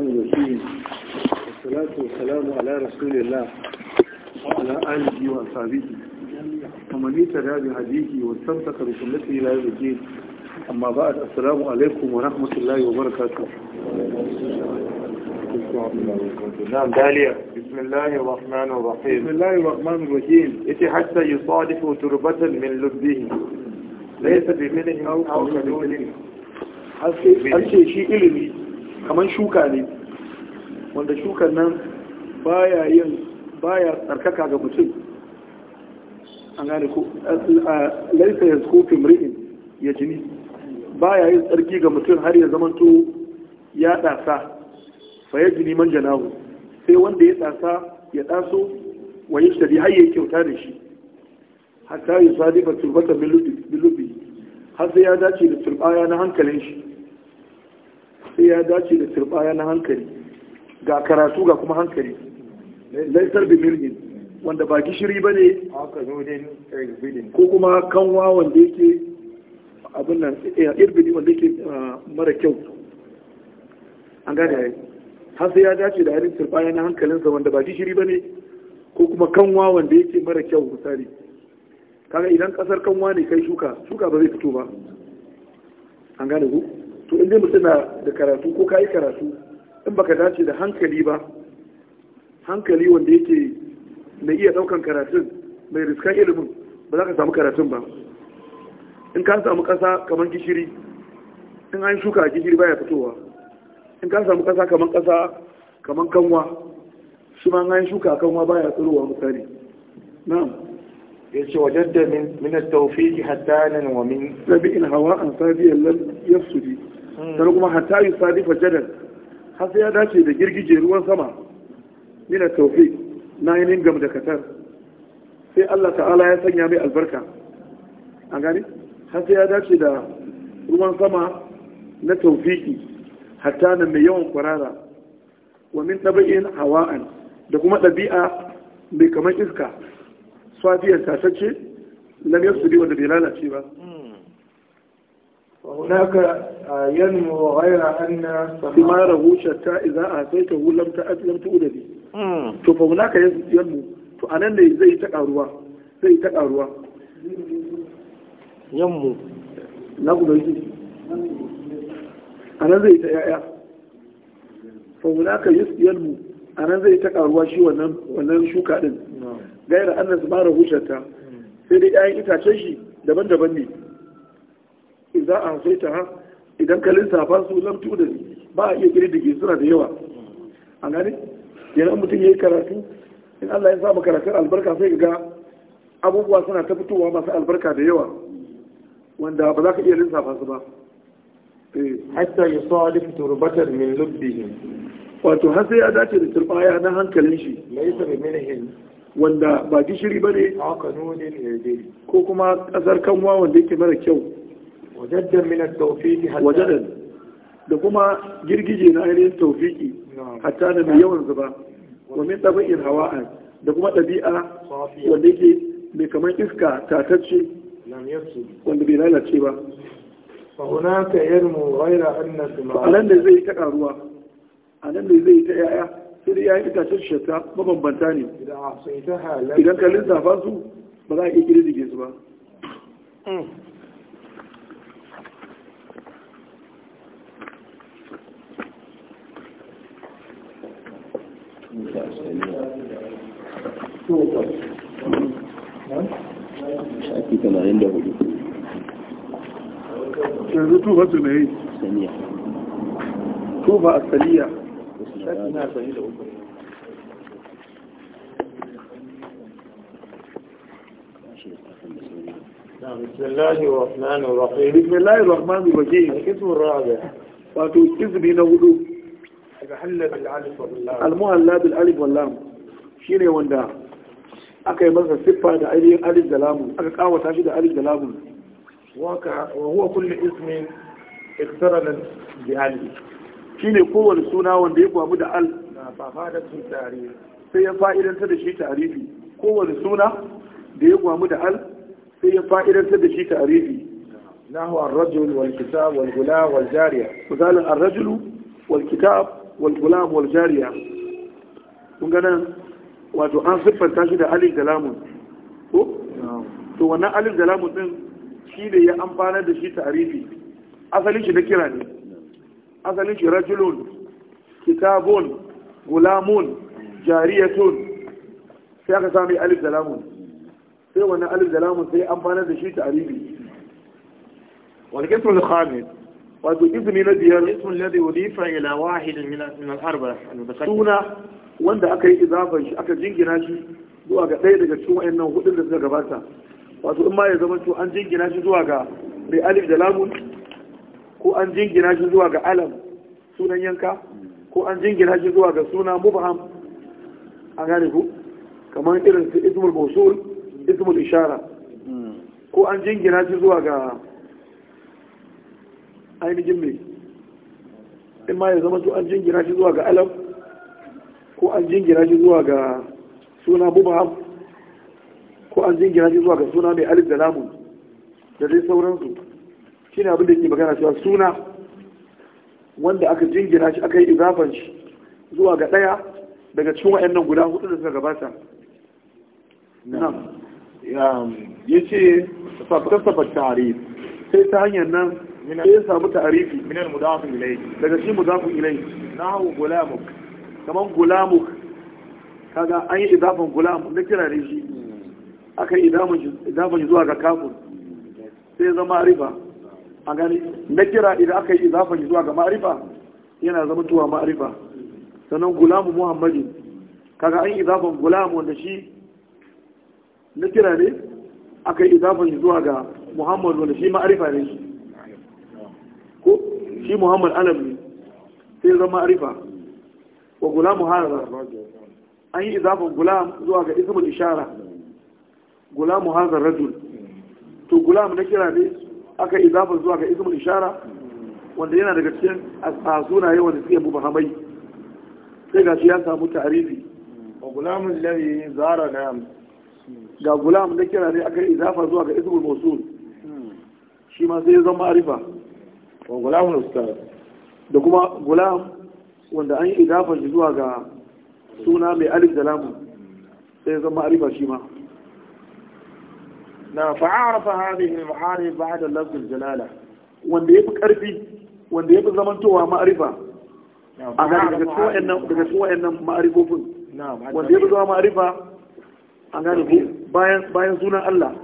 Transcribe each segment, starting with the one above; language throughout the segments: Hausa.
الرحمن الرحيم والصلاة والسلام على رسول الله وعلى آله وأصحابه ومن يتبع بهديه واستمسك بسنته إلى يوم الدين أما بعد السلام عليكم ورحمة الله وبركاته نعم داليا بسم الله الرحمن الرحيم بسم الله الرحمن الرحيم إتي حتى يصادف تربة من لبه ليس بمنه أو قول منه شيء ce kamar shuka ne wanda shukan nan baya yin baya tsarkaka ga mutum an gane ko laifin ya mri'in ya jini baya yin tsarki ga mutum har ya zamanto ya ɗasa fa ya jini man janahu sai wanda ya ɗasa ya ɗaso wa yi shari har yi kyauta da shi ta yi ba turbata milubi har sai ya dace da turbaya na hankalin shi sai ya dace da turbaya na hankali ga karatu ga kuma hankali laisar da milhin wanda ba gishiri ba ne ko kuma kanwa wanda yake abin nan eh, irbini wanda yake ah, mara kyau an gane ya yi har sai ya dace da harin turbaya na hankalinsa wanda ba gishiri ba ne ko kuma kanwa wanda yake mara kyau misali kaga idan kasar kanwa ne kai shuka shuka ba zai fito ba an gane ku to inda mutum na da karatu ko ka yi karatu in baka dace da hankali ba hankali wanda yake mai iya daukan karatun mai riskan ilimin ba za ka samu karatun ba in ka samu kasa kamar gishiri in an shuka gishiri baya fitowa in ka samu kasa kamar kasa kamar kanwa su ma an shuka kanwa baya tsirowa misali na'am ya ce wajen da min hatta nan wa min sabi'in hawa an sabiyan lam yafsudi sannan kuma hatta yi sadi fajadar har ya dace da girgije ruwan sama mina taufi na yi ningam da katar sai Allah ta'ala ya sanya mai albarka a gani har ya dace da ruwan sama na taufiki hatta na mai yawan kwarara wa min tabi'in hawa'an da kuma ɗabi'a mai kamar iska swafiyar lamiyar su bi wanda bai lalace ba hmm. وهناك ينمو غير أن ثماره شتى إذا أعطيته لم لم تؤد به to fa wala ka yanmu to anan ne zai ta karuwa zai ta karuwa yanmu na ku bai anan ta yaya fa wala ka yanmu anan ta karuwa shi wannan wannan shuka din gaira annas bara sai dai 'ya'yan itacen shi daban-daban ne a sai ta ha idan ka lissafa su lamtu tu da ba a iya ke suna da yawa a gane idan mutum ya yi karatu in Allah ya sa mu karatun albarka sai ga abubuwa suna ta fitowa masu albarka da yawa wanda ba za ka iya lissafa su ba eh. hatta ya salif turbatar min lubbihi wato har sai ya dace da turbaya na hankalin shi mai bi minhin wanda ba gishiri ba ne. ko kuma kasar kanwa wanda yake mara kyau wajaddan min at-tawfiqi da kuma girgije na ainihin tawfiqi hatta da mai yawan zuba wa min tabi'il hawa'an da kuma ɗabi'a wanda mai kamar iska tatacce wanda bai lalace ba فهناك ينمو غير أن زي تقاروا زي sai ya yi shata mabambanta ne idan ka lissafa su ba za a iya kirgin su ba hmm. بسم الله الرحمن الرحيم بسم الله الرحمن الرحيم كيف الرابع وتوسكز بين هدوء al-muhalla bil alif wal lam shine wanda aka yi masa siffa da ainihin alif da lamun aka kawata shi da alif da lamun wa huwa kullu ismin iktarana bi alif shine kowane suna wanda ya kwamu da al da sai ya fa'idanta da shi tarifi kowane suna da ya kwamu da al sai ya fa'idanta da shi tarifi nahu ar-rajul wal kitab wal gula wal jariya misalan ar-rajulu wal kitab والغلام والجارية ungana wato an siffanta shi da alif da lamun ko to wannan alif da lamun din shi ne ya amfanar da shi ta'arifi asalin shi na kira ne asalin shi rajulun kitabun gulamun jariyatun sai aka sami alif da lamun sai wannan alif da lamun sai amfanar da shi ta'arifi wal kisrul khamis wato izini na biyar ismin ladhi udifa ila wahid min al-arba suna wanda aka yi izafan shi aka jingina shi zuwa ga ɗaya daga cikin wayannan hudun da suka gabata wato in ma ya zama to an jingina shi zuwa ga rai alif da lamun ko an jingina shi zuwa ga alam sunan yanka ko an jingina shi zuwa ga suna mubham a gane ku kamar irin su ismul mawsul ismul ishara hmm. ko an jingina shi zuwa ga ainihin mai in ma ya zama su an jingira shi zuwa ga alam ko an jingira shi zuwa ga suna mubaham ko an jingira shi zuwa ga suna mai alif da lamun da dai sauransu shi ne abin da ke magana cewa suna wanda aka jingira shi aka yi izafan shi zuwa ga ɗaya daga cikin nan guda hudu da suka gabata ya ce fasafa tare sai ta hanyar nan min ya samu ta'arifi min al-mudaf ilayhi daga shi mudaf ilayhi nahu gulamuk kaman gulamuk kaga an yi idafan gulam da kira ne shi aka yi idafan zuwa ga kafun sai zama arifa a gani na kira idan aka yi idafan zuwa ga ma'rifa yana zama tuwa ma'rifa sannan gulamu muhammadin kaga an yi idafan gulam wanda shi na kira ne aka yi idafan zuwa ga muhammadu wanda shi ma'rifa ne shi ko shi muhammad alam sai zama arifa wa Gulamu harza an yi izafin gulam zuwa ga ismul ishara Gulamu harza rajul to gulamu na kira ne aka izafin zuwa ga ismul ishara wanda yana daga cikin sunaye wanda suke bahamai sai gashi ya samu tarihi wa gulamun yi zara na ga gulam na kira ne aka izafa zuwa ga ismul mosul shi ma sai zan zama arifa gulamun ustaz da kuma gulam wanda an yi idafa shi zuwa ga suna mai alif da lamu sai zan ma'arifa shi ma na fa'arafa hadhihi al-ma'arif ba'da lafz al-jalala wanda yafi karfi wanda yafi zamantowa ma'arifa a ga daga cikin wayannan daga cikin wayannan ma'arifofin wanda yafi zama ma'arifa a gane bayan bayan sunan Allah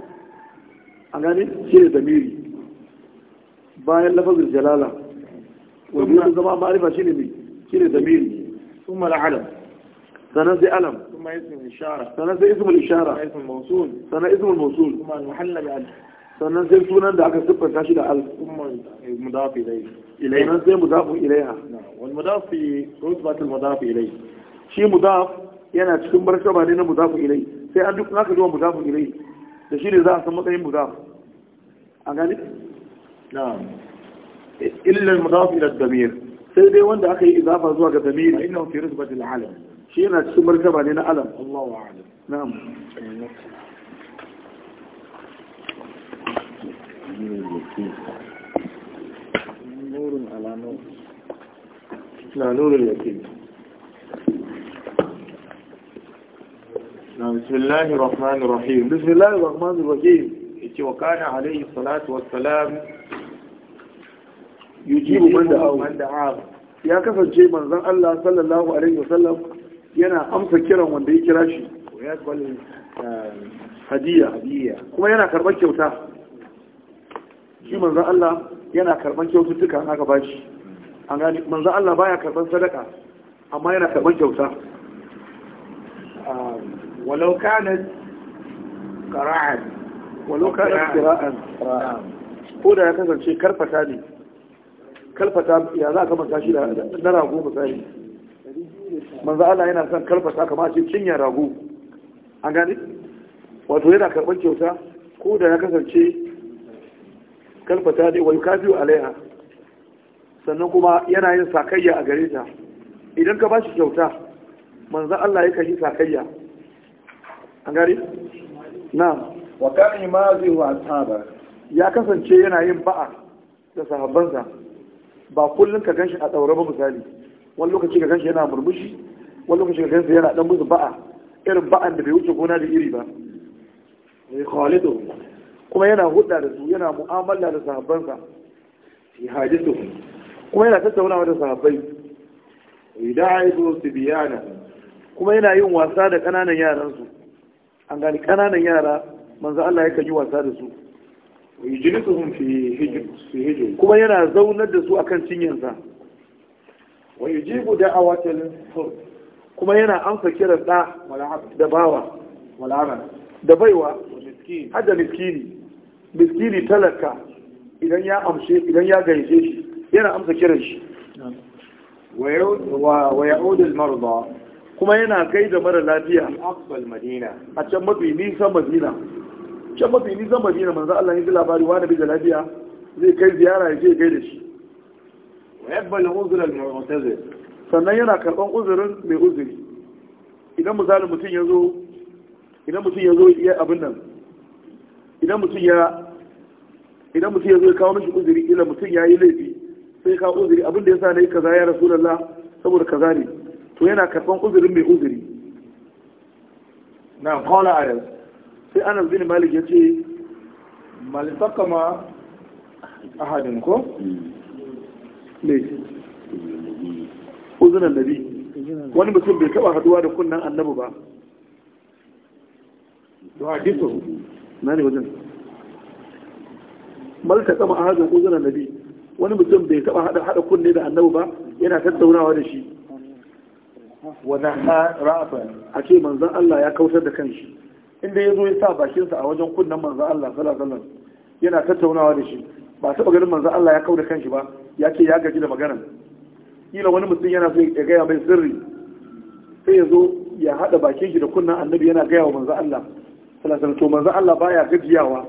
a gane shi da damiri bayan lafazin jalala wajen zama ma'arifa shi ne mai shi ne zamiri sun mala'alam sannan sai alam sannan sai ismul ishara sannan ismul mausul sannan sai sunan da aka siffanta shi da al sannan sai mudafu ilaiha shi mudaf yana cikin martaba ne na mudafu ilai sai an duk naka zuwa mudafu ilai da shi ne za a san matsayin mudaf a gani نعم إلا المضاف إلى الضمير سيدي وانت أخي إضافة زواج الضمير إنه في رتبة العلم شيء أنا تسمر لنا علم الله أعلم نعم نور على نور لا نور اليقين نعم، بسم الله الرحمن الرحيم بسم الله الرحمن الرحيم وكان عليه الصلاة والسلام yujibu man da'ahu ya kasance manzon Allah sallallahu alaihi wasallam yana amsa kiran wanda ya kira shi eh, hadiya kuma yana karɓar kyauta shi manzon Allah yana karɓar kyaututtuka an aka bashi an gani manzon Allah baya karɓar sadaka amma yana karɓar kyauta walau um, kana qara'an walau kana qira'an ko da ya kasance karfata ne kalfata ya za ka manta shi na rago misali manzo Allah yana son kalfata kama ce cinyar rago an gani wato yana karɓar kyauta ko da ya kasance kalfata ne wa yukafiyu alaiha sannan kuma yana yin sakayya a gare ta idan ka ba shi kyauta manzo Allah ya kashi sakayya an gani na wa kana yumazihu ashaba ya kasance yana yin ba'a da sahabbansa ba kullum ka ganshi a tsaure ba misali wani lokaci ka ganshi yana murmushi wani lokaci ka ganshi yana dan musu ba'a irin ba'an da bai wuce gona da iri ba mai eh, khalidu kuma yana hudda da su yana mu'amala da sahabbansa fi hadisu kuma yana tattaunawa da sahabbai idaidu sibiyana kuma yana yin wasa da kananan yaransu an gani kananan yara manzo Allah yakan yi wasa da su yujlisuhum fi hijr fi kuma yana zaunar da su akan cinyansa wa yujibu da'awatal fur kuma yana amsa kiran da da bawa da baiwa har da miskini talaka idan ya amshe idan ya gaishe shi yana amsa kiran shi wa ya'ud al-marda kuma yana gaida mara lafiya a can mafi nisan can mafi nisan madina manzo Allah ya ji labari wa nabi da lafiya zai kai ziyara ya je kai da shi wa yabbal uzur al mu'tazir sannan yana karban uzurin mai uzuri idan misalin mutum ya zo idan mutum ya zo ya abin nan idan mutum ya idan mutum ya zo ya kawo mishi uzuri ila mutum ya yi laifi sai ya kawo uzuri abin da ya sa na yi kaza ya rasulullah saboda kaza ne to yana karban uzurin mai uzuri na a yau. sai ana zini malik ya ce malisaka ma hadin ko ne uzunan nabi wani mutum bai taba haduwa da kunnan annabu ba to hadisu na ne wajen malta sama hajjin uzunan nabi wani mutum bai taba hada kunne da annabu ba yana tattaunawa da shi wa rafa a ce manzan Allah ya kautar da kanshi inda ya zo ya sa bakinsa a wajen kunnen manzo Allah sallallahu alaihi yana tattaunawa da shi ba taɓa ganin manzo Allah ya kauda kanshi ba ya ce ya gaji da magana kila wani mutum yana so ya gaya mai sirri sai ya zo ya haɗa bakin shi da kunnen annabi yana gaya wa manzo Allah sallallahu alaihi to manzo Allah baya gajiyawa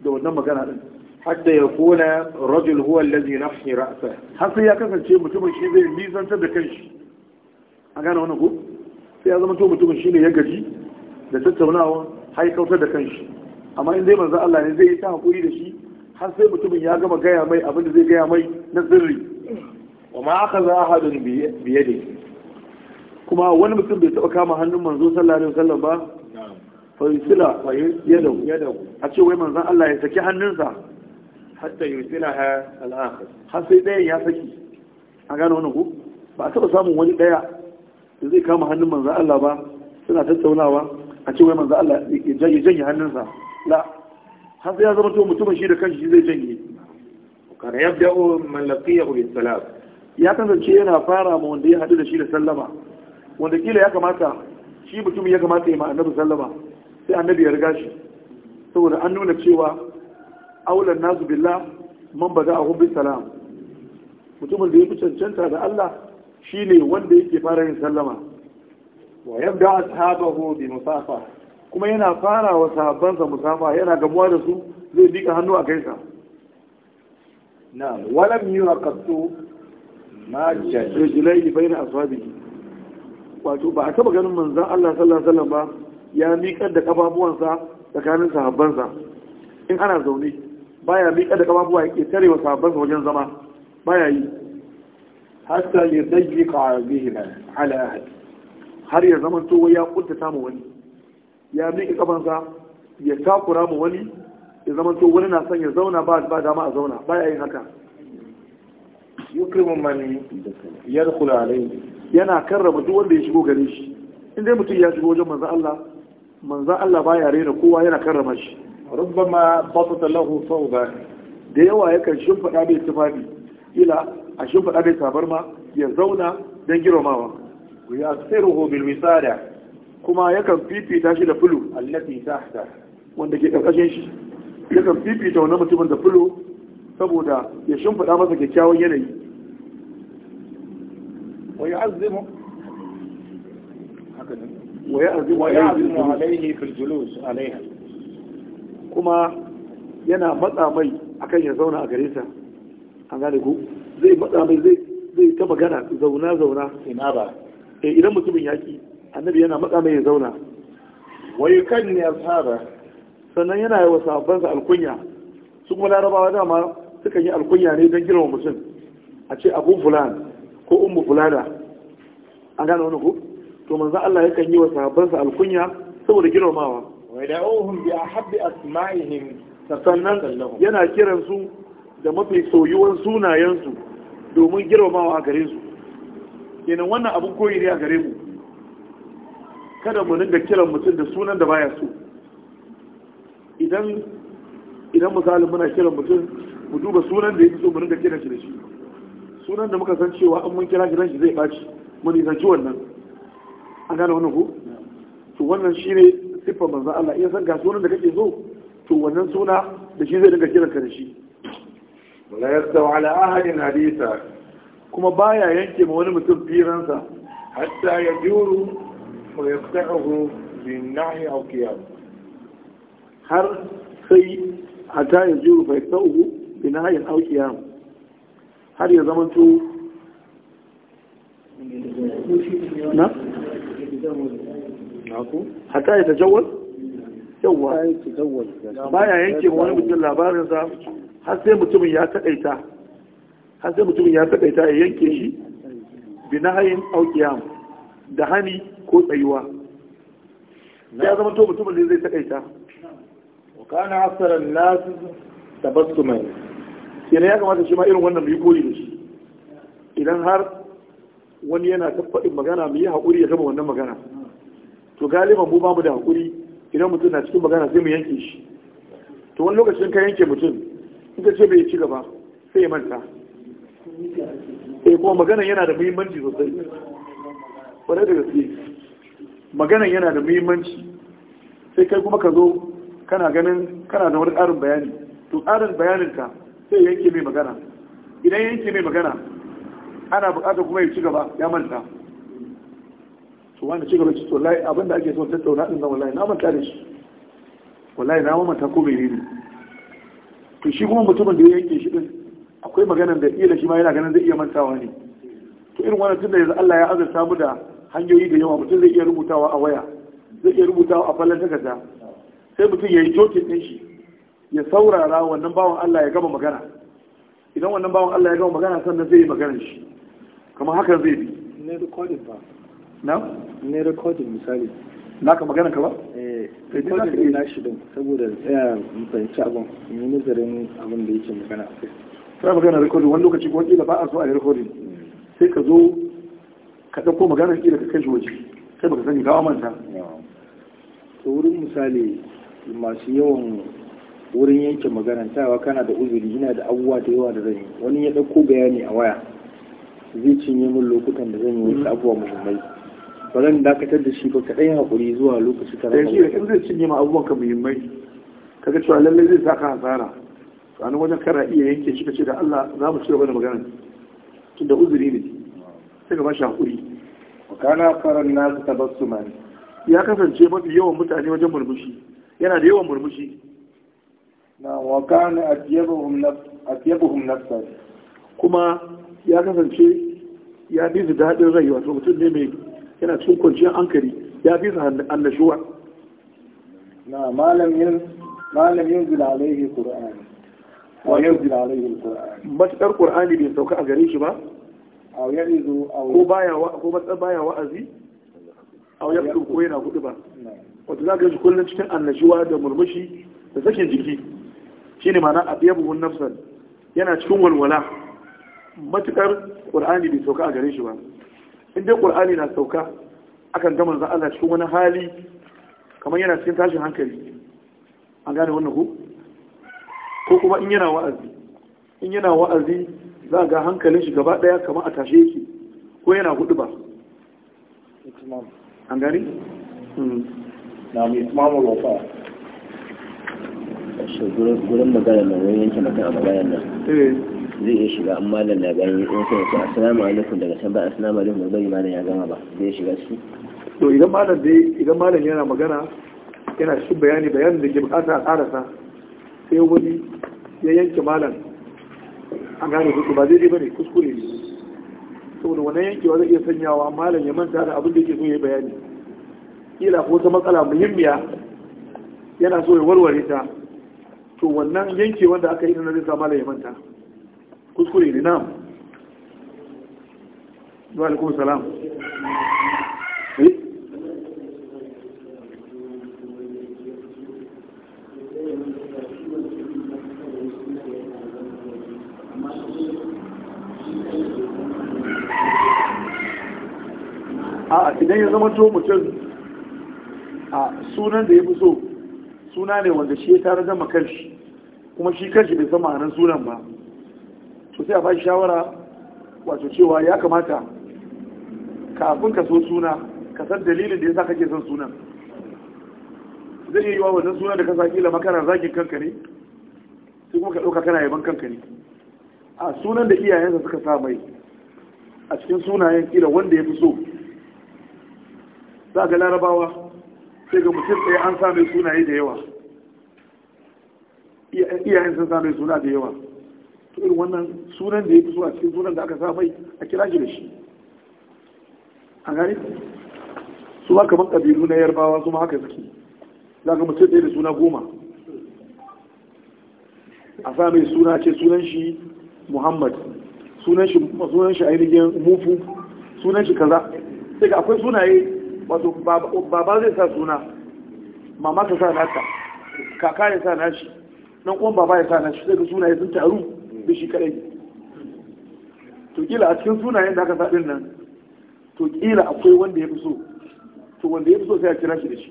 da wannan magana din hatta ya kuna rajul huwa allazi nafsi ra'sa har sai ya kasance mutumin shi zai nisantar da kanshi a gane wannan ko sai ya zama to mutumin shi ne ya gaji da tattaunawa har kautar da kanshi amma in dai manzo Allah ne zai yi ta hakuri da shi har sai mutumin ya gama gaya mai abin da zai gaya mai na sirri wa ma aka za ahadun biye da kuma wani mutum bai taɓa kama hannun manzo sallallahu alaihi wasallam ba fa yusila yadahu a ce wai manzon Allah ya saki hannunsa hatta yusilaha al-akhir har sai ɗayan ya saki an gane wannan ku ba a taɓa samun wani ɗaya da zai kama hannun manzon Allah ba suna tattaunawa a ce wai manzo Allah ya janye hannunsa la har sai ya zama to mutumin shi da kanshi shi zai janye kana yabda'u man laqiyahu bis salam ya kasance yana fara ma wanda ya hadu da shi da sallama wanda kila ya kamata shi mutumin ya kamata ya ma annabi sallama sai annabi ya riga shi saboda an nuna cewa aulan nasu billah man bada ahum bis salam mutumin da ya fi cancanta da Allah shine wanda yake fara yin sallama wa yabda ashabahu bi musafa kuma yana fara wa sahabbansa musafa yana gamuwa da su zai dika hannu a gaisa na walam yuqattu ma jajjulai bayna ashabihi wato ba a taba ganin manzon Allah sallallahu alaihi wasallam ba ya miƙa da kafafuwansa tsakanin sahabbansa in ana zaune baya miƙa da kafafuwa yake tare wa sahabbansa wajen zama baya yi hatta yadayyiqa bihim ala ahad har ya zama to ya kuntata mu wani ya miƙe kafansa ya takura mu wani ya zama to wani na son ya zauna ba ba dama a zauna ba ya yin haka yukrimu man yadkhulu alayhi yana karrama duk wanda ya shigo gare shi in dai mutum ya shigo wajen manzo Allah manzo Allah baya rena kowa yana karrama shi rubbama batata lahu sawba da yawa yakan shimfada bai tufafi ila a shimfada bai tabarma ya zauna dan girmamawa wa yasiruhu كما يكن kuma yakan fifita shi da fulu wanda ke karkashin shi yakan fifita wannan mutumin da fulu saboda ya shimfida masa kyakkyawan yanayi wa ويعزم عليه في الجلوس عليها كما yana matsa mai akan ya zauna a gare ta an gane ku zai matsa mai zai ta magana zauna zauna ina ba Eh, idan mutumin yaƙi annabi yana matsa mai ya zauna wai kan ne ashaba sannan yana yi wa sahabbansa alkunya su kuma larabawa dama suka yi alkunya ne don girma mutum a ce abu fulan ko umu fulana an gane wani ku to manzan Allah yakan yi wa sahabbansa alkunya saboda girmamawa da ohun bi a asma'ihim sannan yana kiransu da mafi soyuwan sunayensu domin girmamawa a gare su kenan wannan abun koyi ne a gare mu kada mu dinga kiran mutum da sunan da baya so idan idan misalin muna kiran mutum mu duba sunan da yake so mu dinga kiran shi da shi sunan da muka san cewa an mun kira shi shi zai baci mun nisanci wannan an gane wannan ko to wannan shine siffar manzo Allah in san ga sunan da kake so to wannan suna da shi zai dinga kiran ka da shi la yastawi ala ahadin hadisa kuma baya yanke ma wani mutum firansa hatta ya juru wa ya sa'ahu bin nahi aw qiyam har sai hatta ya juru fa sa'ahu bin nahi aw qiyam har ya zama to na hatta ya tajawwal yawa baya yanke ma wani mutum labarinsa har sai mutumin ya taƙaita har sai mutumin ya takaita ya yanke shi hayin aukiyam da hani ko tsayuwa ya zama to mutumin ne zai takaita wa kana asaran nasu tabassumai kenan ya kamata shi ma irin wannan mai koyi da shi idan har wani yana tabbatin magana mu yi haƙuri ya gama wannan magana to galiban mu bamu da haƙuri idan mutum na cikin magana sai mu yanke shi to wani lokacin ka yanke mutum in ka ce bai ci gaba sai ya manta eh kuma maganan yana da muhimmanci sosai wadda da gaske maganan yana da muhimmanci sai kai kuma ka zo kana ganin kana da wani ƙarin bayani to ƙarin bayaninka sai yanke mai magana idan yanke mai magana ana buƙatar kuma ya ci gaba ya manta to wani ci gaba ci to lai abinda ake son tattauna din nan wallahi na manta da shi wallahi na manta ko mai ne to shi kuma mutumin da ya yanke shi din akwai maganar da da shi ma yana ganin zai iya mantawa ne to irin wannan tunda yanzu Allah ya azurta mu da hanyoyi da yawa mutum zai iya rubutawa a waya zai iya rubutawa a fallan takarda sai mutum ya yi jokin din shi ya saurara wannan bawan Allah ya gama magana idan wannan bawan Allah ya gama magana sannan zai yi magana shi kamar hakan zai bi ne recording ba na ne recording misali naka magana ka ba eh recording na shi din saboda tsaya mu fahimci abin mu nazarin abin da yake magana a kai sai magana rikodin wani lokaci kuma kila ba a zo a yi rikodin sai ka zo ka ɗauko maganar kila ka kai shi waje sai baka sani gawa manta to wurin misali masu yawan wurin yanke magarantawa kana da uzuri yana da abubuwa da yawa da zan yi wani ya ɗauko bayani a waya zai cinye min lokutan da zan yi wasu abubuwa muhimmai ba zan dakatar da shi ba kaɗai haƙuri zuwa lokaci da Yanzu eh, zai cinye ma abubuwan ka muhimmai kaga cewa lallai zai saka hasara to wajen kana iya yanke shi ka ce da Allah za mu cire wani magana tun da uzuri ne sai ga bashi hakuri wa kana faran nasu tabassuma ya kasance mafi yawan mutane wajen murmushi yana da yawan murmushi na wa kana atyabuhum nafsan kuma ya kasance ya bi su daɗin rai wato mutum ne mai yana cikin kwanciyar hankali ya bi su annashuwa na malamin malamin zulalaihi qur'ani wa yanzil qur'ani bai sauka a gare shi ba ko matsar baya wa'azi A yaqtu ko yana gudu ba Wata za ka ji kullum cikin annashuwa da murmushi da sakin jiki Shi shine ma'ana abiyabu nafsan yana cikin walwala Matuƙar qur'ani bai sauka a gare shi ba in dai qur'ani na sauka akan gama manzon Allah cikin wani hali kamar yana cikin tashin hankali an gane wannan ku ko kuma in yana wa'azi in yana wa'azi za ga hankalin shi gaba daya kamar a tashe yake ko yana hudu ba an gani? Hmm. na mai imamu a shi gudun magana na wani yanke mata a magana nan eh. zai iya shiga amma da na gani in a ce assalamu alaikum daga can ba assalamu da bari ma ya gama ba zai shiga su to idan malam idan malam yana magana yana shi bayani bayanin da ke bukata a karasa sai wani ya yanke malam an gane kuku ba zai daidai bane kuskure ne saboda wannan yankewa zai iya sanyawa malam ya manta da abin da yake so ya bayani kila ko ta matsala muhimmiya yana so ya warware ta to wannan yanke wanda aka yi na zai sa malam ya manta kuskure ne na wa alaikum salam idan ya zama to mutum a sunan da ya fi so suna ne wanda shi ya tara zama kanshi kuma shi kanshi bai san ma'anar sunan ba to sai a bashi shawara wato cewa ya kamata kafin ka so suna ka san dalilin da ya sa kake son sunan zai yi wa wannan sunan da ka sa kila makara zagin kanka ne sai kuma ka ɗauka kana yaban kanka ne a sunan da iyayensa suka sa mai a cikin sunayen kila wanda ya fi so za ga larabawa sai ga mutum ɗaya an sa mai sunaye da yawa iyayen sun sa mai suna da yawa to irin wannan sunan da ya fi so a cikin sunan da aka sa mai a kira shi da shi a gani su ma kamar ƙabilu na yarbawa su ma haka suke za ga mutum ɗaya da suna goma a sa mai suna ce sunan shi muhammad sunan shi ainihin mufu sunan shi kaza sai ga akwai sunaye wato baba zai sa suna mama ta sa nata kaka ya sa nashi nan kuma baba ya sa nashi sai suna ya sun taru da shi kadai to kila a cikin sunayen da aka sa nan to kila akwai wanda ya fi so to wanda ya fi so sai a kira shi da shi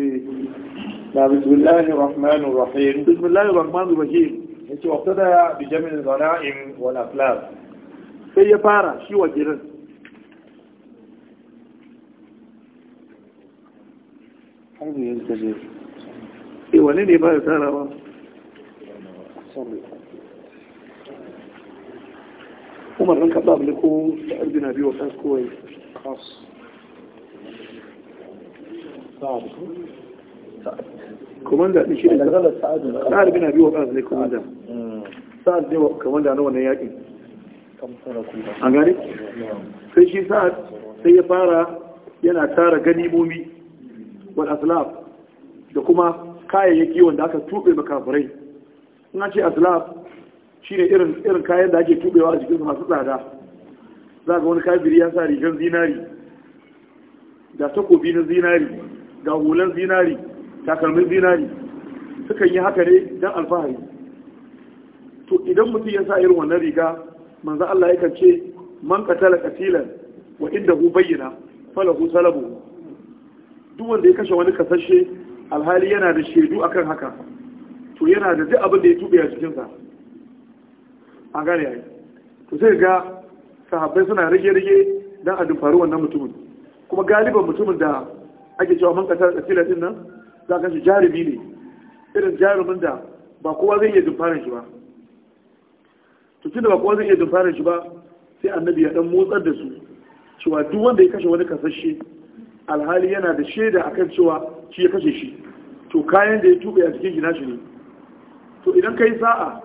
eh. na bismillahir rahmanir rahim bismillahir rahmanir rahim yace waqtada bi jami'il zana'im wal aflaq sai ya fara shi wajirin haihu ya gaje eh wane ne ba da tsarawa umar ɗan kaɓa abu ne ko da arzina biyu wasan kowai kas komanda ɗin shi ne sa'ad bin abi wakas ne komanda sa'ad ne komanda hmm. na wannan yakin an gane sai shi sa'ad sai ya fara yana tara ganimomi wal aslaf da kuma kayayyaki wanda aka tube makafirai ina ce aslaf shine irin irin kayan da ake tubewa a jikin su masu tsada za ga wani kafiri ya sa rigar zinari da takobi na zinari da hulan zinari takalmin zinari sukan yi haka ne don alfahari to idan mutum ya sa irin wannan riga manzo Allah yakan ce man qatala katilan wa indahu bayyana falahu salabu duk wanda ya kashe wani kasashe alhali yana da shaidu akan haka to yana da duk abin da ya tube a cikinsa A gane yayi to sai ga sahabbai suna rage-rage don a dumfari wannan mutumin kuma galiban mutumin da ake cewa man kasar da filatin nan za ka shi jarumi ne irin jarumin da ba kowa zai iya dumfarin shi ba to tunda ba kowa zai iya dumfarin shi ba sai annabi ya dan motsar da su cewa duk wanda ya kashe wani kasashe alhali yana da shaida akan cewa shi ya kashe shi to kayan da ya tuba a cikin gina shi ne to idan kai sa'a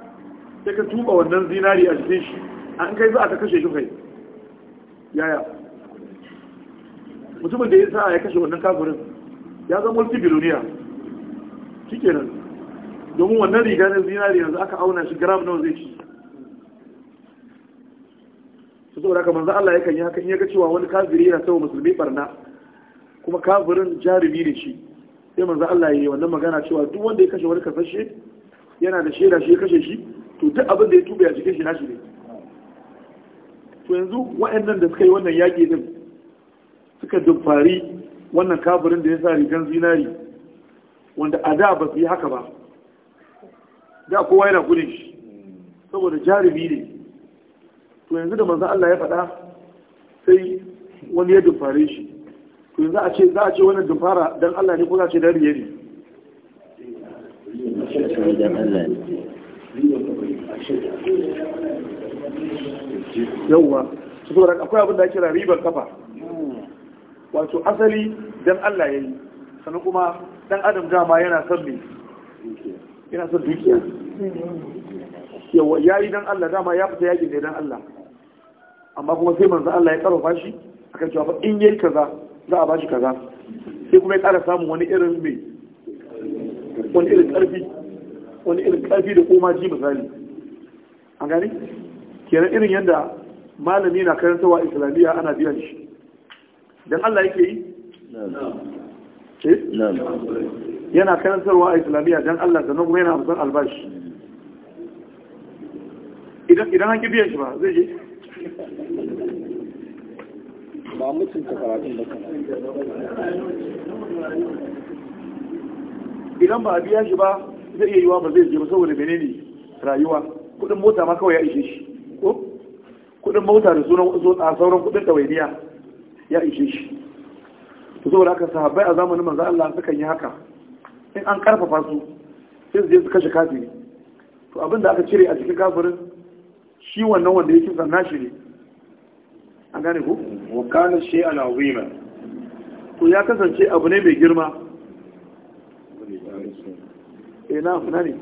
sai ka tuba wannan zinari a cikin shi an kai za'a ka kashe shi kai yaya mutumin da ya sa'a ya kashe wannan kafirin ya zama wasu biloniya nan domin wannan riga na zinari yanzu aka auna shi gram nawa zai ci su saboda kamar manzo Allah kan yi haka in ya ga cewa wani kafiri yana sawa musulmi barna kuma kafirin jarumi ne shi sai manzo Allah ya yi wannan magana cewa duk wanda ya kashe wani kasashe yana da shaida shi ya kashe shi to duk abin da ya tuba ya jike shi nashi ne to yanzu wa'annan da suka yi wannan yaƙi din suka dubfari wannan kafirin da ya sa rigan zinari wanda a da ba su yi haka ba da kowa yana gudun shi saboda jarumi ne to yanzu da manzo Allah ya faɗa sai wani ya dubfare shi kun za a ce za a ce wannan dufara dan Allah ne ko za a ce dan riye ne su saboda akwai abin da ake kira ribar kafa wato asali dan Allah yayi sannan kuma dan adam dama yana son me yana son dukiya yawa yayi dan Allah dama ya fita yakin ne dan Allah amma kuma sai manzo Allah ya karfafa shi akan cewa in yayi kaza za a bashi kaza sai kuma ya kara samun wani irin mai wani irin ƙarfi wani irin karfi da koma ji misali an gani kenan irin yadda malami na karantarwa islamiyya ana biyan shi dan Allah yake yi eh? yana karantarwa a islamiyya don Allah nan kuma yana musan albashi idan an ki biyan shi ba zai je ba mutunta karatun da kana idan ba a biya shi ba zai iya yiwa ba zai je ba saboda menene rayuwa kudin mota ma kawai ya ishe shi ko kudin mota da sunan a sauran kudin dawainiya ya ishe shi to saboda haka sahabbai a zamanin manzo Allah suka yi haka in an karfafa su sai su je su kashe kafiri to abin da aka cire a cikin kafirin shi wannan wanda yake sanna shi ne an gane ku wa shi a azima to ya kasance abu ne mai girma eh na afina ne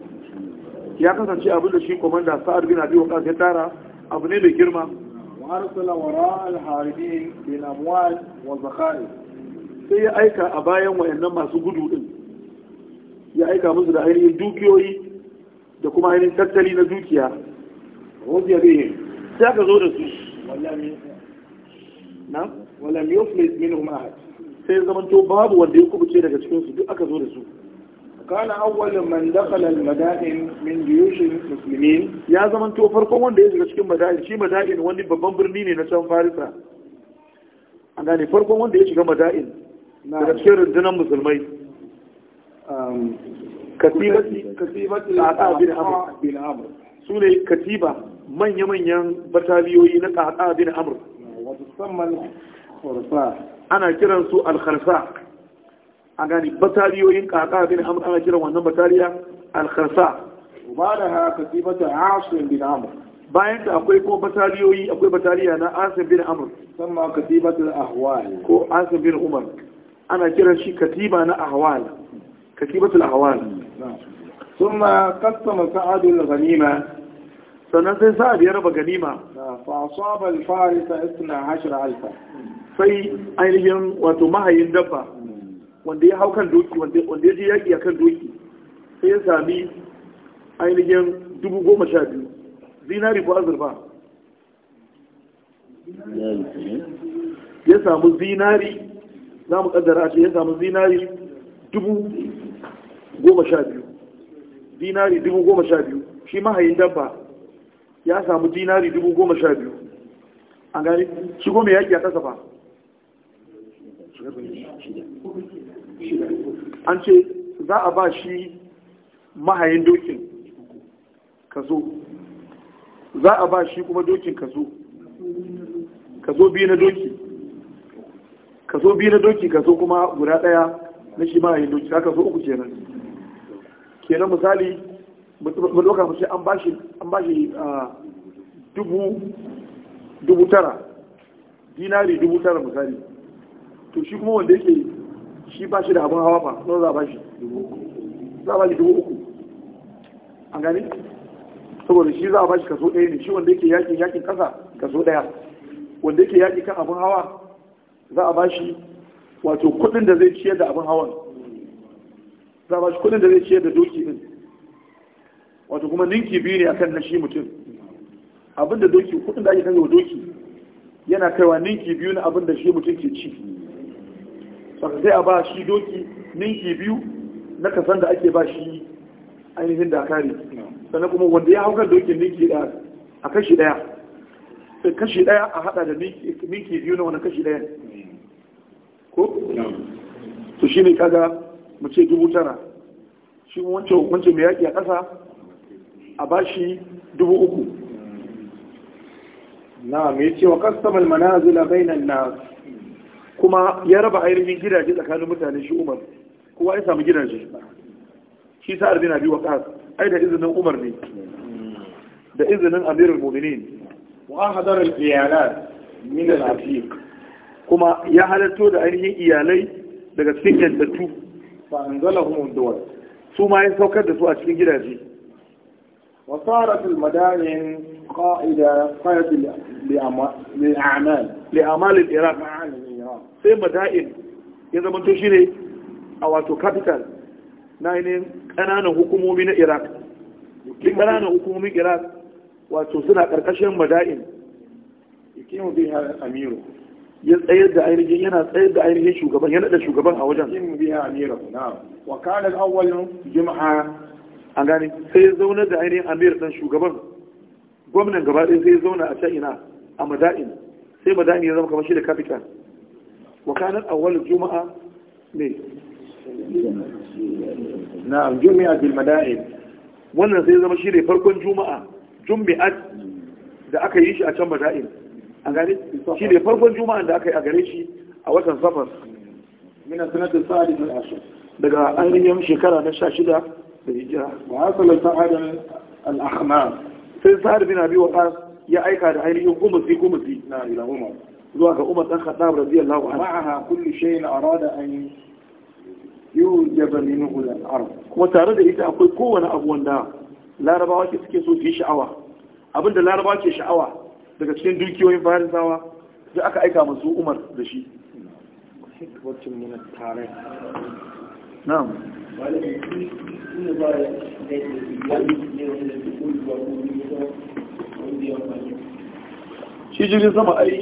ya kasance abu da shi komanda sa'ad bin biyu waqas ya tara abu ne mai girma wa ra'ar wara al na bin wa zakari sai ya aika a bayan wayannan masu gudu din ya aika musu da ainihin dukiyoyi da kuma ainihin tattali na dukiya wajen sai aka zo da su na'am walam yuflis minhum ahad sai zamanto babu wanda ya kubuce daga cikin su duk aka zo da su كان أول من دخل المدائن من جيوش المسلمين يا زمن تو فرقون wanda ya shiga cikin madain shi madain wani babban birni ne na can Farisa an gane farkon wanda ya shiga madain daga cikin rundunar musulmai um, katiba Katiba, bin amr su ne katiba manya-manyan batabiyoyi na ƙaƙa bin amr وتسمى الخرفاء أنا كيران سوء الخرفاء أغاني بطاليو ينقع قابل أمر أنا كيران وأنا بطاليا الخرفاء وبعدها كتيبة عاصم بن bayan ta akwai kuma bataliyoyi akwai bataliya na asim bin amr sama ahwal ko bin umar ana kiran shi katiba na ahwal katibatul ahwal ثم قسم سعد الغنيمه sannan sai sa'ad ya raba ganima fa asaba al-farisa 12000 sai ainihin wato mahayin dabba wanda ya hau kan doki wanda ya je yaki akan doki sai ya sami ainihin dubu goma sha biyu zinari ko azurfa ya samu zinari za mu kaddara ce ya samu zinari dubu goma sha biyu zinari dubu goma sha biyu shi mahayin dabba ya samu dinari dubu goma sha biyu A gani shi goma ya yaƙi a ƙasa ba an ce za a ba shi mahayin dokin zo. za a ba shi kuma dokin Ka zo biyu na doki zo biyu na doki zo kuma guda ɗaya na shi mahayin doki za ka so uku kenan kenan misali mutuwa mace an bashi an bashi dubu dubu tara dinari dubu tara misali to shi kuma wanda yake shi bashi da abin hawa ba na za a bashi za a bashi dubu uku an gani saboda shi za a bashi kaso ɗaya ne shi wanda yake yakin yakin ƙasa kaso ɗaya wanda yake yaki kan abin hawa za a bashi wato kuɗin da zai ciyar da abin hawan za a bashi kuɗin da zai ciyar da doki din wato kuma ninki biyu ne akan na shi mutum abinda doki kudin da ake kan doki yana kaiwa ninki biyu na abinda shi mutum ke ci saka sai a ba shi doki ninki biyu na kasan da ake ba shi ainihin dakari sannan kuma wanda ya hau kan dokin ninki da a kashi daya sai kashi daya a hada da ninki biyu na wani kashi daya ko to ne kaga mu ce dubu tara shi wancan wancan mai yaƙi a ƙasa a bashi dubu uku na mai cewa kastamar manazila bainan na kuma ya raba ainihin gidaje tsakanin mutane shi umar kuma ya samu gidaje shi sa'ar biyu abi waqas ai da izinin umar ne da izinin amirul mu'minin wa hadar al iyalat min al afiq kuma ya halatto da ainihin iyalai daga cikin yantattu fa anzalahum dawar su ma ya saukar da su a cikin gidaje وصارت المدائن قائدة قائدة لأعمال لأعمال العراق sai mada'in ya zama to shi a wato capital na من ƙananan hukumomi na iraq ƙananan hukumomin iraq wato suna ƙarƙashin mada'in ikimu ya tsayar da ainihin yana tsayar da ainihin shugaban yana da shugaban a wajen ikimu biha amiru na wa kana al an gani sai ya zauna da ainihin amir ɗan shugaban gwamnan gaba ɗaya sai ya zauna a sha'ina a mada'in sai mada'in ya zama kamar shi da capital a wani juma'a ne na juma'a bil mada'in wannan sai ya zama shi ne farkon juma'a jumbi'at da aka yi shi a can mada'in an gani shi ne farkon juma'a da aka yi a gare shi a watan safar min sanatin sa'adin al daga ainihin shekara na sha shida. da hijira wa asalar sa'adar al'ahmar sai sa bin abi waqas ya aika da ainihin gumusi gumusi na ila umar zuwa ga umar dan khattab radiyallahu anhu ma'aha kullu shay'in arada an yujaba minhu al-arab kuma tare da ita akwai kowane abu wanda larabawa ke suke so su yi sha'awa abinda larabawa ke sha'awa daga cikin dukiyoyin farisawa da aka aika masu umar da shi na'am shi jirgin sama ai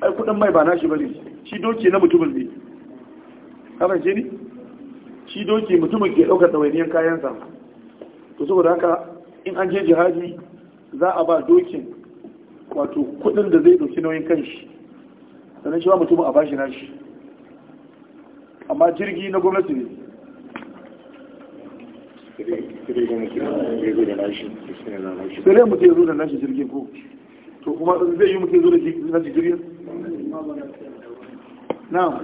ai kudin mai ba nashi bane shi doki na mutumin ne haka ce ni shi doki mutumin ke daukar ɗawainiyar kayansa to saboda haka in an je jihadi za a ba dokin wato kudin da zai doki nauyin kanshi sannan shi ba mutumin a bashi nashi amma jirgi na gwamnati ne sai mutum da mutum ya zo da nashi jirgin ko kuma zai yi mutum ya zo da nashi jirgin na'am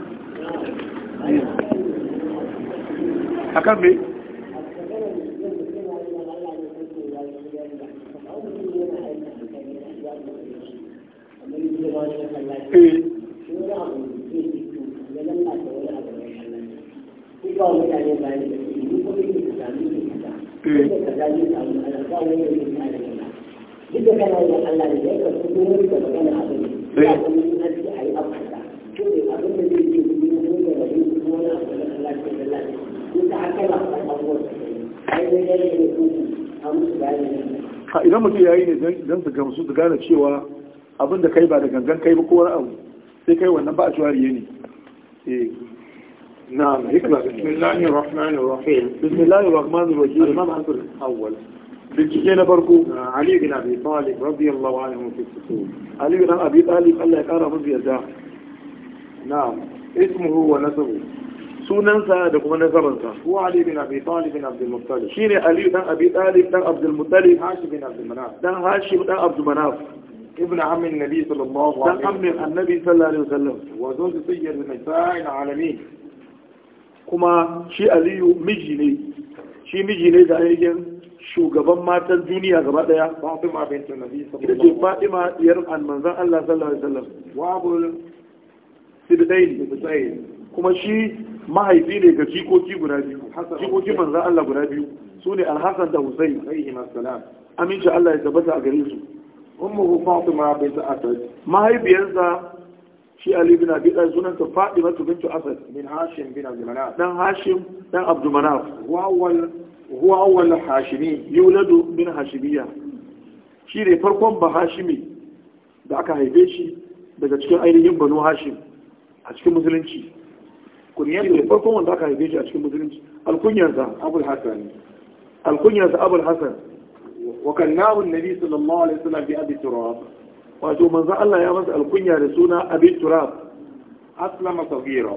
akan don su gamsu su gane cewa abin da kai ba da gangan kai ba ko wani abu sai kai wannan ba a shawariye ne نعم هكذا بسم الله bincike na farko Ali bin Abi Talib radiyallahu anhu fi Ali bin Abi Talib Allah ya kara masa na'am ismuhu wa nasabu سننسى لكم نظرنسى هو علي بن أبي طالب بن عبد المطالب شيني علي بن أبي طالب بن عبد المطالب هاشي بن عبد المناف ده هاشي بن عبد المناف ابن عم النبي صلى الله عليه وسلم ده عم النبي صلى الله عليه وسلم وزوج سيد النساء العالمين كما شي علي مجيني شي مجيني ده أيجن shugaban matan duniya gaba daya Fatima bint Nabi sallallahu alaihi wasallam Fatima yar annabi Allah sallallahu alaihi wasallam wa abul sibdain sibdain kuma shi mahaifi ne ga jikoki guda biyu jikoki manzan Allah guda biyu su ne alhassan da husain aminci Allah ya tabbata a gare su ummuhu fatima bint asad mahaifiyarsa shi ali bin abi talib sunanta fatima bint asad min hashim bin abd manaf dan hashim dan abd manaf wa awwal huwa awwal hashimi yuladu min hashimiyya shi ne farkon ba hashimi da aka haife shi daga cikin ainihin banu hashim a cikin musulunci kunyarsa farkon wanda aka haife shi a cikin musulunci alkunyarsa abul hasan alkunyarsa abul hasan wa kannahu annabi sallallahu alaihi wasallam bi abi turab wato manzo Allah ya masa alkunya da suna abi turab aslama sagira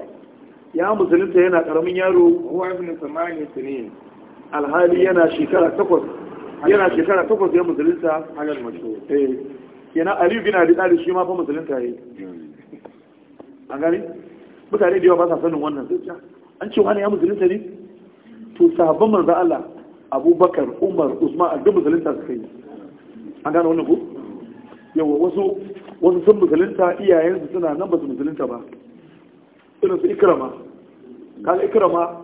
ya musulunta yana karamin yaro huwa ibn samani sinin alhali yana shekara takwas yana shekara takwas ya musulunta halal mashhur eh yana ali bin abi talib shi ma fa musulunta yayi an gani mutane da yawa ba sa sanin wannan zuciya an ce wani ya musulunta ne to sahabban manzo Allah Abubakar Umar Usman a duk musulunta suka yi an gane wannan ko yawa wasu wasu sun musulunta iyayensu suna nan ba su musulunta ba irin su ikrama kaga ikrama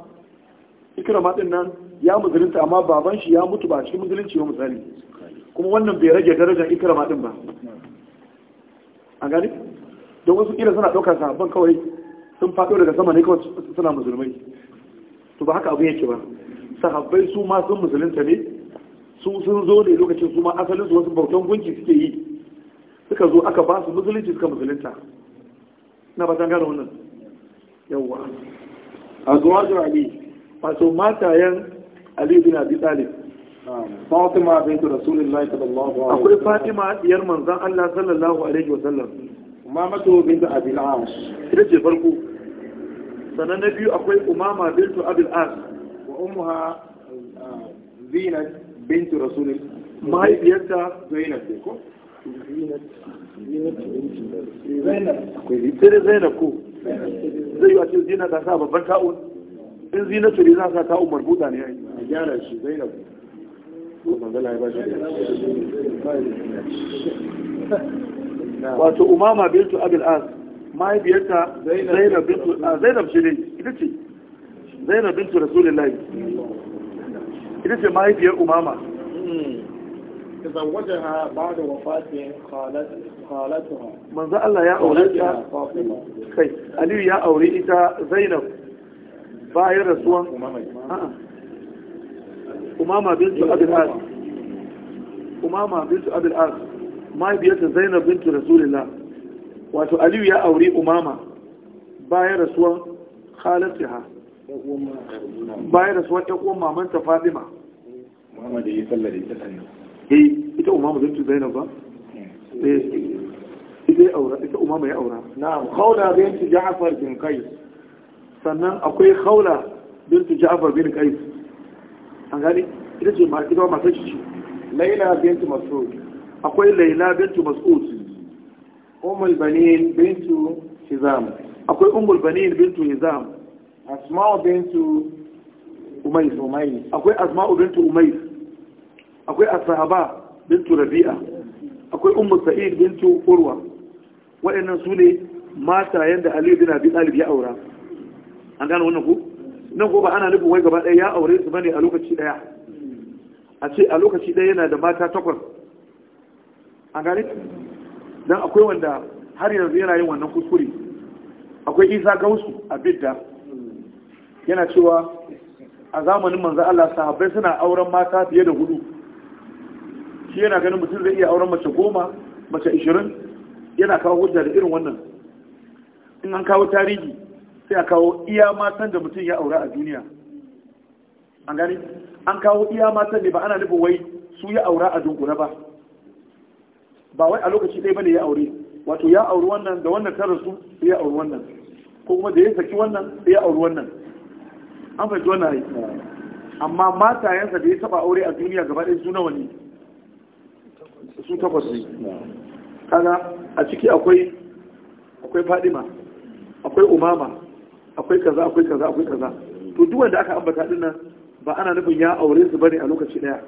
ikrama din nan ya musulunta amma baban shi ya mutu ba cikin musulunci ba misali kuma wannan bai rage darajar ikrama din ba an gane don wasu irin suna ɗaukar sahabban kawai sun faɗo daga sama ne kawai suna musulmai to ba haka abu yake ba sahabbai su ma sun musulunta ne su sun zo ne lokacin su ma asalin su wasu bautan gunki suke yi suka zo aka ba su musulunci suka musulunta na ba gane wannan yawwa a ali wato matayen ali bin abi talib fatima bint rasulullahi sallallahu alaihi akwai fatima diyar manzon Allah sallallahu alaihi wasallam mamatu bint abi al-aas ita ce farko sannan na biyu akwai umama bintu abil as wa ummuha uh, zinat bintu rasulil mahaifiyarta zainab ne ko sai zainab ko zai yi a cikin zina da sa babban ta'un in zina su ne za sa ta'un marbuta ne a gyara shi zainab wato umama bintu abil as mahaifiyarta zainab ita ce zainab bin turasulun ita ce mahaifiyar umama hmm. da ya aure ita zainab umama bin turasulun umama zainab bin turasulun wato aliyu ya aure umama bayan rasuwan khalatiha bayan rasuwan ɗan uwan mamanta fadima umama da yi sallar ita sannan eh ita umama zai zainab ba eh ita umama ya aura na'am khawla binti ja'far bin qais sannan akwai khawla binti ja'far bin kai an gani ita ce ma ita ma masu ce laila binti mas'ud akwai laila bin binti mas'ud umul banin bintu hizam akwai umul banin bintu hizam asma'u bintu umayis umais akwai asma'u bintu umayis akwai asahaba bintu rabi'a akwai ummu sa'id bintu urwa waɗannan su ne mata yadda Aliyu bin abi talib ya aura an gane wannan ku nan ko ba ana nufin wai gaba ɗaya ya aure su bane a lokaci ɗaya a ce a lokaci ɗaya yana da mata takwas an gane don akwai wanda har yanzu yana yin wannan kuskure akwai isa gausu a bidda yana cewa a zamanin manzan Allah sahabbai suna auren mata fiye da hudu shi yana ganin mutum zai iya auren mace goma mace ishirin yana kawo hujja da irin wannan in an kawo tarihi sai a kawo iya matan da mutum ya aura a duniya an gani an kawo iya matan ne ba ana nufin wai su ya aura a dunkule ba ba wai a lokaci ɗaya bane ya aure wato ya auri wannan da wannan ta rasu ya auri wannan ko kuma da ya saki wannan ya auri wannan an fahimci wannan ai amma matayensa da ya taba aure a duniya gaba ɗaya su nawa ne su takwas ne kaga a ciki akwai akwai fadima akwai umama akwai kaza akwai kaza akwai kaza to duk wanda aka ambata dinnan ba ana nufin ya aure su bane a lokaci ɗaya.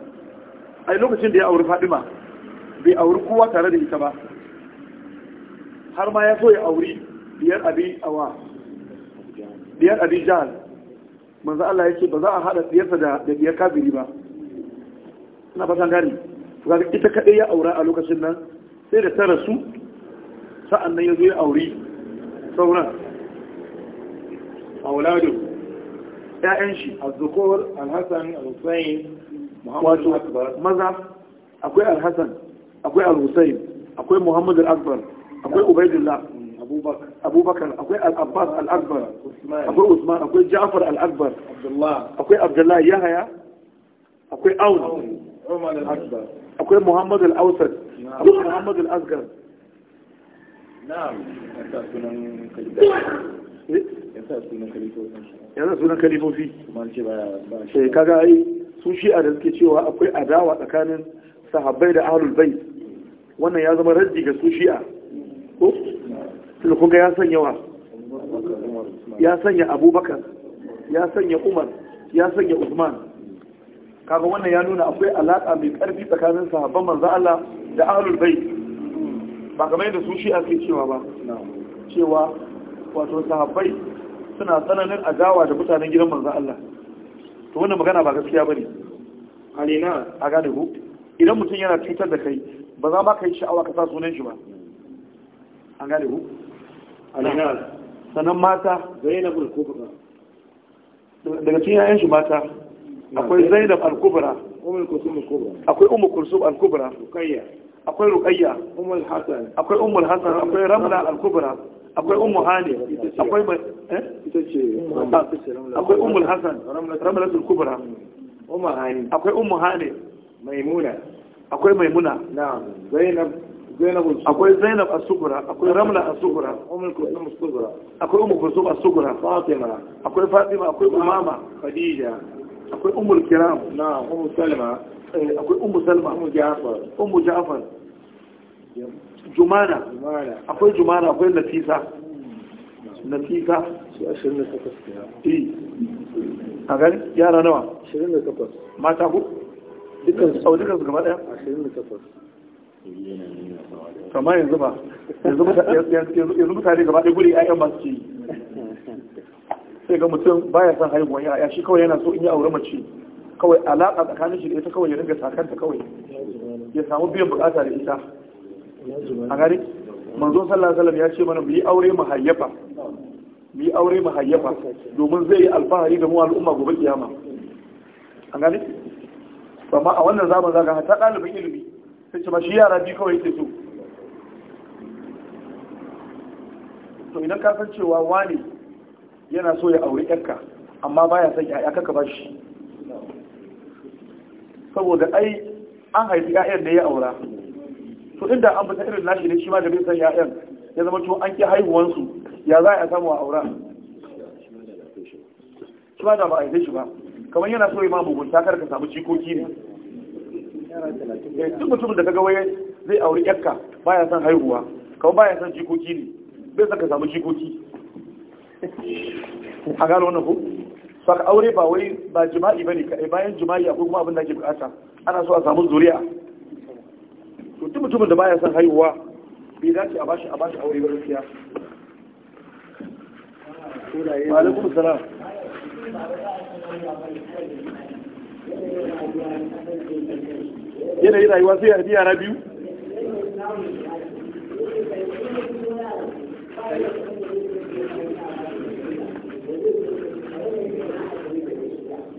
ai lokacin da ya aure fadima bai auri kowa tare da ita ba har ma ya so ya auri biyar abi awa biyar abi jihar manzan Allah ya ce ba za a hada biyarsa da biyar kabiri ba ina fatan gani ga ita kadai ya aura a lokacin nan sai da ta rasu sa'an nan ya zo ya auri sauran auladu ya'yan shi A zukowar Alhassan hasan al-husayn maza akwai Alhassan. akwai al-husayn akwai muhammad al-akbar akwai ubaidullah abubakar akwai al-abbas al-akbar akwai usman akwai ja'far al-akbar akwai abdullahi yahaya akwai aun akwai muhammad al-ausad akwai muhammad al-asgar yana sunan kalifofi eh? sai eh, kaga ai sun shi'a da suke cewa akwai adawa tsakanin sahabbai da ahlul bait wannan ya zama raji ga su shi'a ko ya sanya wa ya sanya abubakar ya sanya umar ya sanya usman kaga wannan ya nuna akwai alaƙa mai ƙarfi tsakanin sahabban manzo Allah da ahlul bai? ba kamar yadda su shi'a ke cewa ba cewa wato sahabbai suna tsananin adawa da mutanen gidan manzo Allah to wannan magana ba gaskiya bane alina a gane ku idan mutum yana cutar da kai ba za ba ka yi sha'awa ka sa sunan shi ba an gane ku alhal sanan mata zainab al-kubra daga cikin yayan shi mata akwai zainab al-kubra umul kulsum al-kubra akwai ummu kulsum al-kubra rukayya akwai rukayya umul hasan akwai umul hasan akwai ramla al-kubra akwai ummu hani akwai ita ce akwai eh? umul hasan ramla al-kubra ummu hani akwai ummu hani maimuna akwai maimuna akwai zainab asugura akwai ramla asugura akwai umar kulsum asugura akwai fatima akwai umama akwai umar kiram eh, akwai umar salma umar jafar jumana akwai jumana akwai nafisa nafisa eh. a gani yara nawa 28 mata ku dukkan su dukkan su gaba daya kamar yanzu ba yanzu mutane gaba ɗaya guri ayyan masu ce sai ga mutum baya son haihuwa ya shi kawai yana so in yi aure mace kawai alaƙa tsakanin shi da ita kawai ya ringa sakanta kawai ya samu biyan bukata da ita a gari manzon sallah salam ya ce mana mu yi aure mu hayyafa mu yi aure mu hayyafa domin zai yi alfahari da mu al'umma gobe kiyama a gari amma a wannan zaman zaka hata ɗalibin ilimi sai ce ma shi yara biyu kawai yake so to idan ka san cewa wani yana so ya aure ƴanka amma baya son ya'ya kaka ba shi saboda ai an haifi ya'yan da ya aura to inda an fita irin nashi ne shi ma da bai san ya'yan ya zama to an ki haihuwansu ya za a samu a aura shi ma da ba a haife shi ba kamar yana so ya ma mugunta kar ka samu jikoki ne eh, duk mutumin da kaga waye zai auri yakka baya son haihuwa kamar baya son jikoki ne bai san ka samu jikoki a gano wannan ko saka aure ba wai ba jima'i bane kai bayan jima'i akwai kuma abin da ake bukata ana so a samu zuriya to duk mutumin da baya son haihuwa bai dace a bashi a bashi aure ba gaskiya wa alaikum salam yanayi rayuwa sai a yara biyu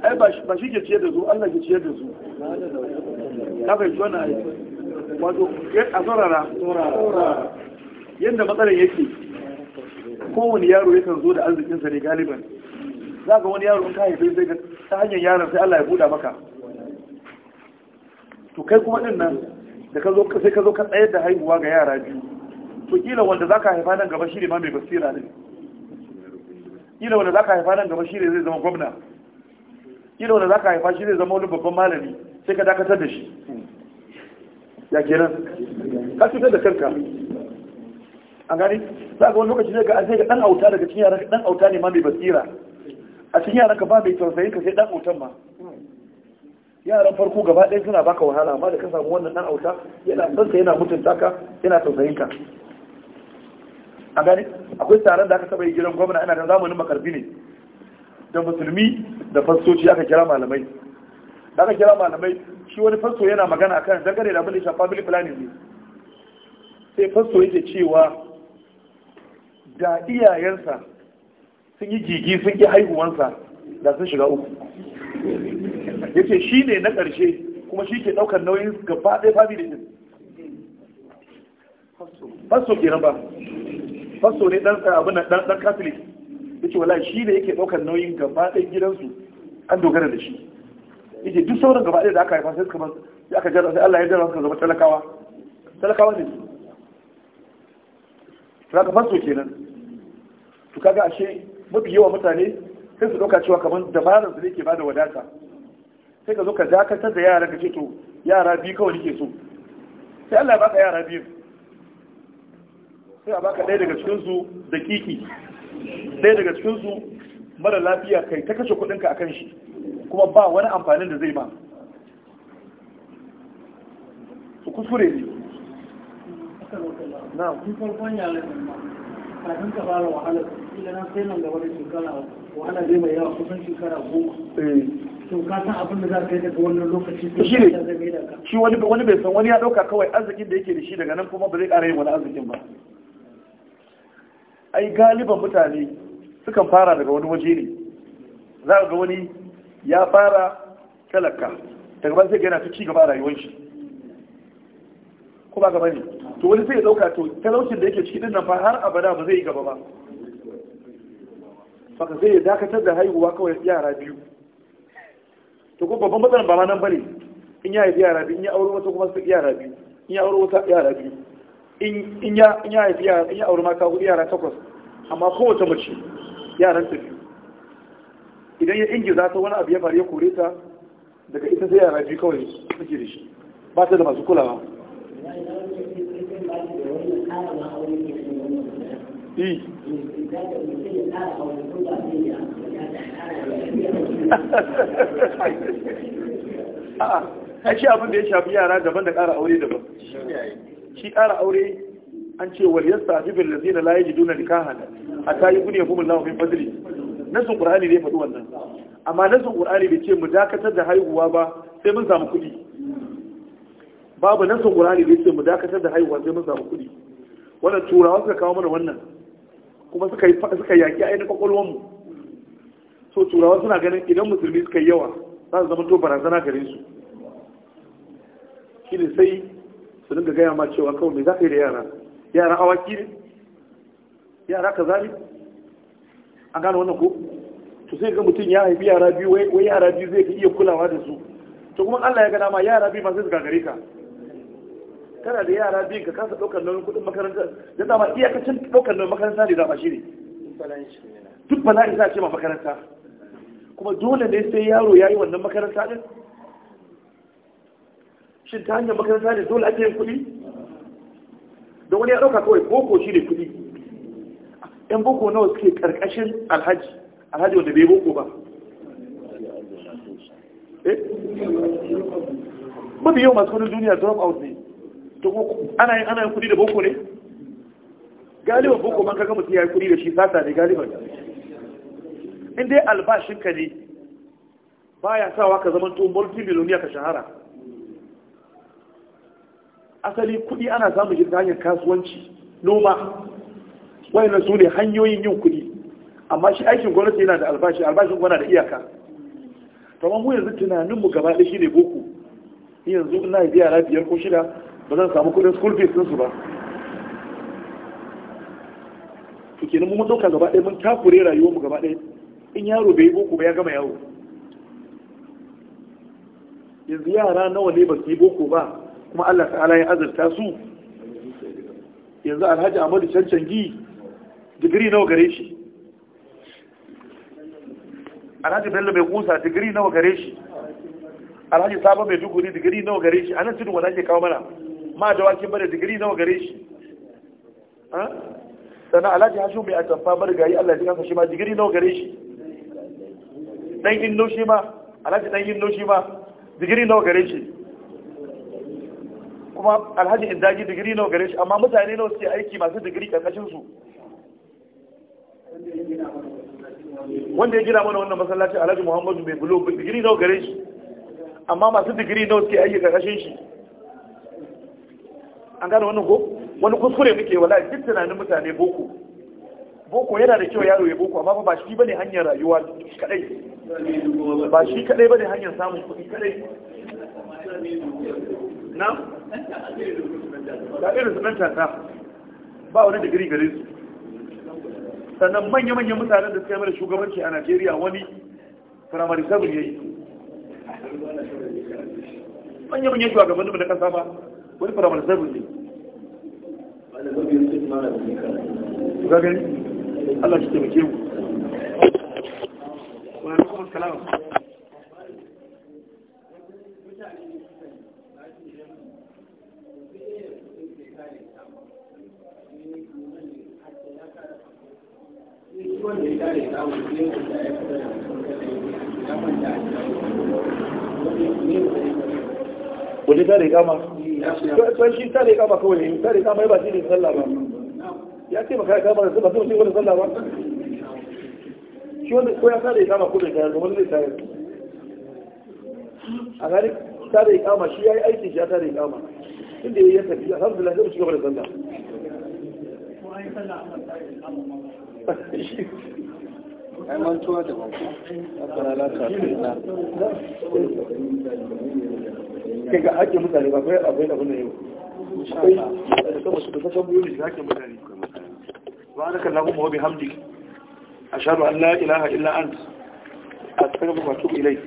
ai ba shi ke ciyar da su Allah ke ciyar da su ka fahimci wannan ayi wato a tsorara. yadda matsalar yake kowane yaro yakan zo da arzikinsa ne galiban za ga wani yaro in ka haife sai ta hanyar yaron sai Allah ya buɗa maka to kai kuma din nan da ka zo sai ka zo ka tsayar da haihuwa ga yara biyu to kila wanda zaka haifa nan gaba shine ma mai basira ne kila wanda zaka haifa nan gaba shine zai zama gwamna kila wanda zaka haifa shi zai zama wani babban malami sai ka dakatar da shi ya kenan ka fitar da kanka an gani za ga wani lokaci zai ga an sai ga dan auta daga cikin yara dan auta ne ma mai basira a cikin yaran ka ba mai tausayi ka sai dan autan ma yaran farko gaba ɗaya suna baka wahala amma da ka samu wannan dan auta yana son ka yana mutunta ka yana tausayin ka a gani akwai taron da aka saba yi gidan gwamna ana da zamanin makarfi ne da musulmi da fasoci aka kira malamai da aka kira malamai shi wani faso yana magana akan dangane da abin da shafa family planning ne sai faso yake cewa da iyayensa sun yi jigi sun yi haihuwansa da sun shiga uku ya ce shi ne na ƙarshe kuma shi ke ɗaukar nauyin gaba ɗaya da jin fasto ke ba fasto ne ɗan eh, abin da ɗan catholic ya ce wala shi ne yake ɗaukar nauyin gaba ɗaya gidansu an dogara da shi ya ce duk sauran gaba ɗaya da aka haifa sai suka sai aka jarra sai Allah ya jarra suka zama talakawa talakawa ne su ka fasto kenan to kaga ashe mafi yawa mutane sai su ɗauka cewa kamar dabarar da ke bada wadata sai ka zo ka dakatar da yara ka ce to yara biyu kawai nike so sai Allah baka yara biyu sai a baka ɗaya daga cikinsu da kiki ɗaya daga cikinsu mara lafiya kai ta kashe kuɗinka a kan shi kuma ba wani amfanin da zai ba su kuskure ne na kun farkon yaren nan kafin ka fara wahalar kila na sai nan gaba da shekara wahala zai mai yawa kusan shekara goma eh. to ka san abin da za ka yi daga wannan lokaci shi ne shi wani wani bai san wani ya ɗauka kawai arzikin da yake da shi daga nan kuma ba zai ƙara yin wani arzikin ba ai galiban mutane sukan fara daga wani waje ne za ga wani ya fara talaka daga ba zai gana ta ci gaba a rayuwar shi ko ba gaba ne to wani sai ya ɗauka to talaucin da yake ciki ɗin nan fa har abada ba zai yi gaba ba Baka zai dakatar da haihuwa kawai yara biyu to ko babban matsalar ba ma nan bane in ya haifi yara biyu in ya aure wata kuma su yara biyu in ya aure wata yara biyu in ya in ya haifi yara in ya aure mata hudu yara takwas amma kowace mace yaran ta biyu idan ya ingiza ta wani abu ya faru ya kore ta daga ita sai yara biyu kawai suke da shi ba ta da masu kulawa Eh. a shi abin da ya shafi yara daban da ƙara aure daban shi ƙara aure an ce waliyar sahibin da na layi ji da nikahan a ta yi ya kuma lawa fadili fadli nasin ƙur'ani ne faɗi wannan amma nasin ƙur'ani bai ce mu dakatar da haihuwa ba sai mun samu kuɗi babu nasin ƙur'ani bai ce mu dakatar da haihuwa sai mun samu kuɗi wannan turawa suka kawo mana wannan kuma suka yi suka yaki ainihin kwakwalwar mu so turawa suna ganin idan musulmi suka yi yawa za su zama to barazana gare su ne sai su dinga gaya ma cewa kawai me za ka yi da yara yara awaki ne yara ka zari a gane wannan ko to sai ga mutum ya haifi yara biyu wai yara biyu zai iya kulawa da su to kuma Allah ya ga ma yara biyu ba sai su gagare ka kana da yara biyu ka kasa ɗaukar nauyin kuɗin makaranta da dama iyakacin ɗaukar nauyin makaranta ne dama shi ne duk bala'i za a ce ma makaranta kuma dole ne sai yaro ya yi wannan makaranta ɗin shin ta hanyar makaranta ne dole ake yin kuɗi da wani ya ɗauka kawai boko shi ne kuɗi yan boko nawa suke ƙarƙashin alhaji alhaji wanda bai boko ba eh? mafi yau masu wani duniya drop out ne ana yin ana yin kudi da boko ne galiban boko man kaga mutum ya yi kudi da shi sata ne galiban in dai albashin ka ne baya sawa ka zama to multimillionaire ka shahara asali kudi ana samun shi ta hanyar kasuwanci noma wayannan su ne hanyoyin yin kudi amma shi aikin gwamnati yana da albashi albashin gwana da iyaka kamar mu yanzu tunaninmu gaba ɗaya shi ne boko yanzu ina biya yara biyar ko shida ba zan samu kudin school fees su ba to kenan mun ɗauka gaba ɗaya mun takure rayuwar mu gaba ɗaya in yaro bai yi boko ba ya gama yawo yanzu yara nawa ne ba su yi boko ba kuma Allah ta'ala ya azurta su yanzu alhaji amadu cancangi digiri nawa gare shi alhaji bello mai kusa digiri nawa gare shi alhaji sabo mai duguri digiri nawa gare shi a nan tudun wanda ake kawo mana ma da wakin bada digiri nawa gare shi sana alhaji hashu mai atamfa bada gari allah ji kansa shi ma digiri nawa gare shi dan yin noshi ma alhaji dan yin noshi ma digiri nawa gare shi kuma alhaji indaji digiri nawa gare shi amma mutane nawa suke aiki masu digiri karkashin su wanda ya gina mana wannan masallacin alhaji muhammadu mai bulo digiri nawa gare shi amma masu digiri nawa suke aiki karkashin shi an gane wannan ko wani kuskure muke wala duk tunanin mutane boko boko yana da kyau yaro ya boko amma ba shi bane hanyar rayuwa kadai ba shi kadai bane hanyar samun kuɗi kadai na da irin su tata ba wani digiri gare su sannan manya-manyan mutanen da suka yi mara shugabanci a najeriya wani firamare sabon yayi manya-manyan shugabanni da kasa ba wani firamar zarru ne Allah shi taimake mu wani kuma kalama da waje tare kama to shi ta tare kama kawai ne tare kama ba shi ne sallah ba ya ce baka kama da ba sai wani sallah ba shi wanda ko ya tare kama ko da tare wani zai tare a gani tare kama shi ya yi aiki shi ya ta tare kama inda ya tafi alhamdulillah sai mu cigaba da sallah ai mantuwa a banko ta fara na. kai ga ake mutane ba kai abin da wannan yau akwai da kama su kuma hamdi ilai